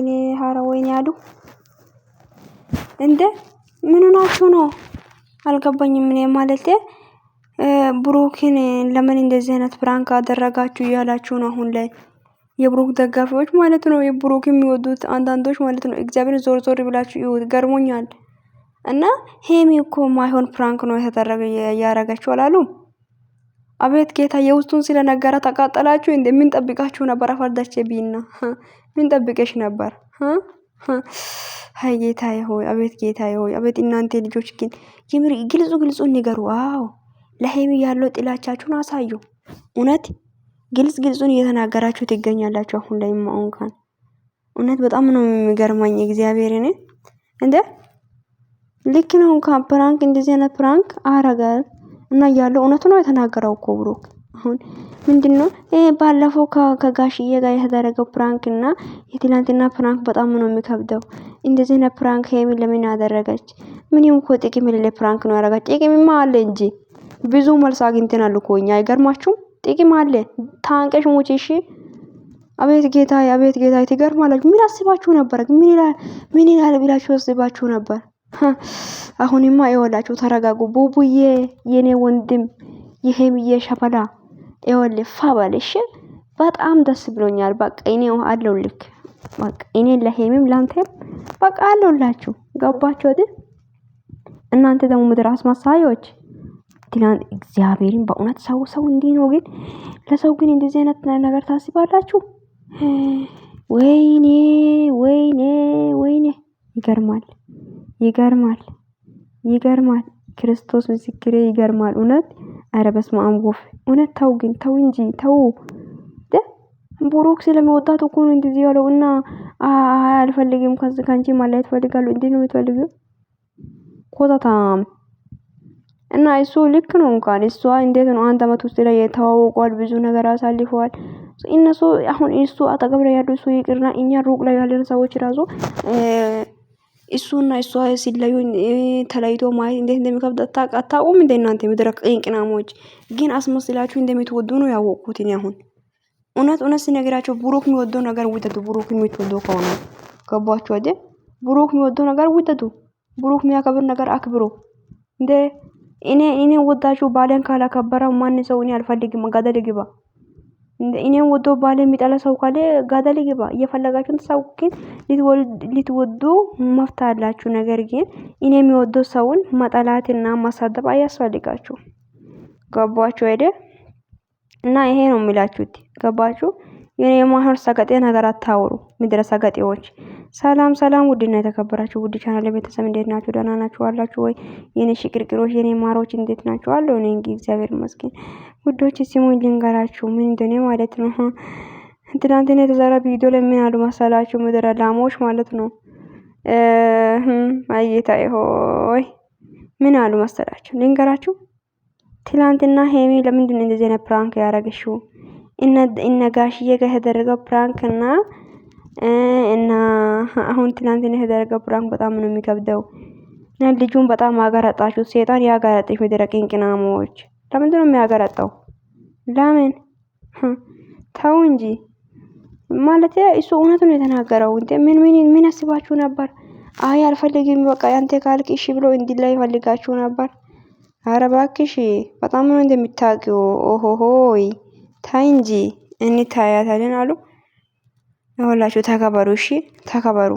ወይኔ ሀረ ወይኔ አሉ እንደ ምን ሆናችሁ ነው? አልገባኝም። እኔ ማለት ብሩክን ለምን እንደዚህ አይነት ፕራንክ አደረጋችሁ እያላችሁ ነው አሁን ላይ የብሩክ ደጋፊዎች ማለት ነው። የብሩክ የሚወዱት አንዳንዶች ማለት ነው። እግዚአብሔር ዞር ዞር ብላችሁ ይሁት ገርሞኛል። እና ሄሚ እኮ ማይሆን ፕራንክ ነው የተደረገ ያረጋችሁ አላሉም። አቤት ጌታ የውስጡን ተቃጠላችሁ እንዴ? ምን ጠብቃችሁ ነበር? አፈርዳቼ ቢና ምን ጠብቀሽ ነበር? ሀይ ጌታ ሆይ፣ አቤት ጌታ ሆይ፣ አቤት እናንተ ልጆች ግን የምር ግልጹ ግልጹ ንገሩ። አዎ ለሄሚ ያለው ጥላቻችሁን አሳዩ። እውነት ግልጽ ግልጹን እየተናገራችሁ ትገኛላችሁ። አሁን ላይ ማንካን እውነት በጣም ነው የሚገርመኝ እግዚአብሔርን እንደ ልክ ነው። ፕራንክ እንደዚህ አይነት ፕራንክ አረጋል እና ያለው እውነት ነው የተናገረው እኮ ብሩክ። አሁን ምንድነው ይሄ ባለፈው ከጋሽዬ ጋር የተደረገው ፕራንክ እና የትላንትና ፕራንክ በጣም ነው የሚከብደው። እንደዚህ አይነት ፕራንክ ሄሚ ለምን አደረገች? ምንም እኮ ጥቅም የሌለ ፕራንክ ነው ያደረገች። ጥቅምማ አለ እንጂ ብዙ መልስ አግኝተናል እኮ እኛ። አይገርማችሁም? ጥቅም አለ። ታንቀሽ ሙጪ እሺ። አቤት ጌታ፣ አቤት ጌታ፣ ትገርማላችሁ። ምን አስባችሁ ነበር? ምን ይላል ብላችሁ አስባችሁ ነበር? አሁንማ ይኸውላችሁ ተረጋጉ። ቡቡዬ የኔ ወንድም የሄምዬ ሸበላ ይወል ፋ በጣም ደስ ብሎኛል። በቃ እኔ አለውልክ በቃ እኔ ለሄምም ላንተም በቃ አለውላችሁ ገባችሁ አይደል? እናንተ ደግሞ ምድር አስመሳዮች ትናንት እግዚአብሔርን በእውነት ሰው ሰው እንዲህ ነው ግን ለሰው ግን እንደዚህ አይነት ነገር ታስባላችሁ? ወይኔ ወይኔ ወይኔ ይገርማል። ይገርማል ይገርማል ክርስቶስ ምስክሬ ይገርማል። እውነት አረ በስመ አብ ወፍ እውነት ተው ግን ተው እንጂ ተው። ቡሩክ ስለመወጣቱ እኮ ነው እንደዚህ ያለው እና አልፈልግም ከዚህ ካንቺ ማለት ፈልጋለሁ። እንዴት ነው የምትፈልጊው? ኮታታም እና እሱ ልክ ነው። እንኳን እሷ እንዴት ነው አንድ አመት ውስጥ ላይ የተዋወቋል፣ ብዙ ነገር አሳልፈዋል። እነሱ አሁን እሱ አጠገብ ላይ ያሉ እሱ ይቅርና እኛ ሩቅ ላይ ያለን ሰዎች ራሱ እሱና እሷ ሲለዩ ተለይቶ ማየት እንዴት እንደሚከብድ አታውቁም? እንደ እናንተ ምድረ ቅንቅናሞች ግን አስመስላችሁ እንደምትወዱ ነው ያወቁት። እኔ አሁን እውነት እውነት ሲነግራቸው ብሩክ የሚወደው ነገር ውደዱ። ብሩክ የሚወዱ ከሆነ ገቧችሁ አይደል? ብሩክ የሚወደው ነገር ውደዱ። ብሩክ የሚያከብር ነገር አክብሮ እንደ እኔ እኔ ወዳችሁ ባለን ካላከበረ ማን ሰው እኔ አልፈልግም። መጋደል ግባ። እኔም ወዶ ባለ የሚጠላ ሰው ካለ ገደል ይግባ። እየፈለጋችሁን ሰው ግን ልትወዱ መፍት አላችሁ። ነገር ግን እኔ የሚወዶ ሰውን መጠላትና ማሳደብ አያስፈልጋችሁ። ገባችሁ አይደ እና ይሄ ነው የሚላችሁት። ገባችሁ የኔ የማህር ሰገጤ ነገር አታውሩ። ምድረ ሰገጤዎች ሰላም ሰላም ውድና የተከበራችሁ ውድ ቻናል ቤተሰብ እንዴት ናችሁ? ደህና ናችሁ አላችሁ ወይ? የኔ ሽቅርቅሮች የኔ ማሮች እንዴት ናችሁ አለው። እኔ እንግዲህ እግዚአብሔር ይመስገን ውዶች፣ ሲሙኝ ልንገራችሁ ምን እንደሆነ ማለት ነው። ትናንትና የተዘራ ቪዲዮ ላይ ምን አሉ መሰላችሁ? ምድረ ላሞች ማለት ነው አየታ ሆይ ምን አሉ መሰላችሁ? ልንገራችሁ ትላንትና ሄሚ ለምንድን ነው እንደዚህ አይነት ፕራንክ ያደረገሽው? እነ ጋሽዬ ጋር የተደረገው ፕራንክ እና እና አሁን ትናንት የተደረገ ፕራንክ በጣም ነው የሚከብደው። ልጁን በጣም አገረጣችሁ። ሴጣን ያገረጠች ምድረ ቅንቅናሞች፣ ለምንድን ነው የሚያገረጠው? ለምን ተው እንጂ ማለት እሱ እውነቱ ነው የተናገረው። ምን ምን ምን አስባችሁ ነበር? አይ አልፈልግም፣ በቃ ያንተ ካልክ እሺ ብሎ እንዲላይ ፈልጋችሁ ነበር። አረ እባክሽ በጣም ነው እንደምታውቂው። ኦሆሆይ ታይ እንጂ እንታያታለን አሉ። ሁላችሁ ተከበሩ። እሺ ተከበሩ።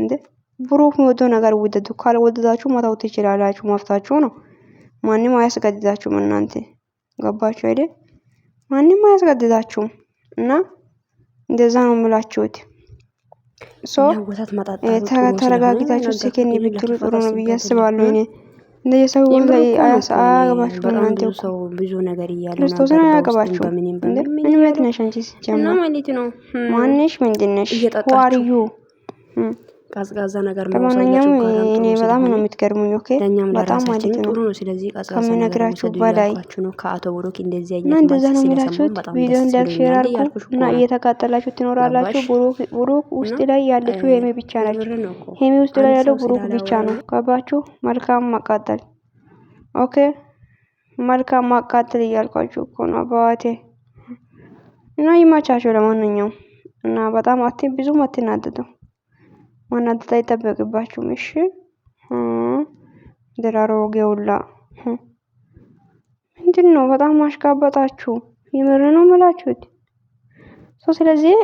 እንዴ ብሩክ የሚወደው ነገር ውደዱ። ካልወደዳችሁ መተው ትችላላችሁ፣ መፍታችሁ ነው። ማንም አያስገድዳችሁም። እናንተ ገባችሁ አይደል? ማንም አያስገድዳችሁም እና እንደዛ ነው የምላችሁት። ሶ ተረጋግታችሁ ስኬን ብትሉ ጥሩ ነው ብዬ አስባለሁ እኔ የሰው አያገባችሁም። ሰው ብዙ ነገር እያለ ክርስቶስን አያገባችሁም። ምን ቤት ነሽ አንቺ? ሲጀምር ማንሽ ምንድነሽ? ዋርዩ ቀዝቃዛ ነገር ለማንኛውም እኔ በጣም ነው የምትገርሙኝ። ኦኬ በጣም ማለት ነው ከምነግራችሁ በላይ እና እንደዛ ነው የሚላችሁት። ቪዲዮ ላይክ፣ ሼር አድርጉ እና እየተቃጠላችሁ ትኖራላችሁ። ብሩክ ውስጥ ላይ ያለችው ሄሜ ብቻ ናችሁ። ሄሜ ውስጥ ላይ ያለው ብሩክ ብቻ ነው። ገባችሁ? መልካም ማቃጠል። ኦኬ መልካም ማቃጠል እያልኳችሁ እኮ ነው አባቴ። እና ይማቻችሁ ለማንኛውም እና በጣም አት ብዙም አትናደዱ። ማናደድ አይጠበቅባችሁም። እሺ ድራሮ ጌውላ ምንድን ነው? በጣም አሽጋበጣችሁ። የምር ነው የምላችሁት። ስለዚህ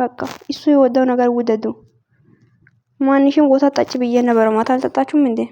በቃ እሱ የወደው ነገር ውደዱ። ማንሽም ቦታ ጠጭ ብዬ ነበረ። ማታ አልጠጣችሁም እንዴ?